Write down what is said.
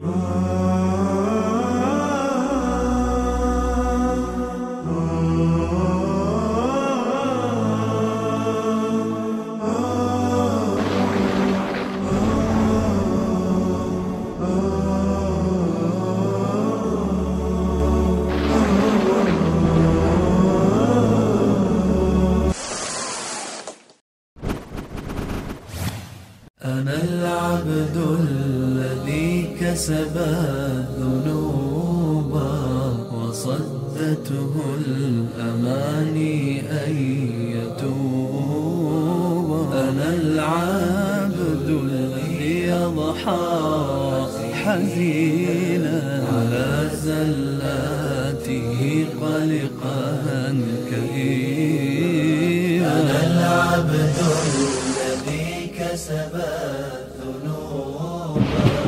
Ah. أنا العبد الذي كسب الذنوب وصدته الأماني أن يتوب أنا العبد الذي يضحى حزينا على زلاته قلقا كئيبا أنا العبد كسبت ذنوبا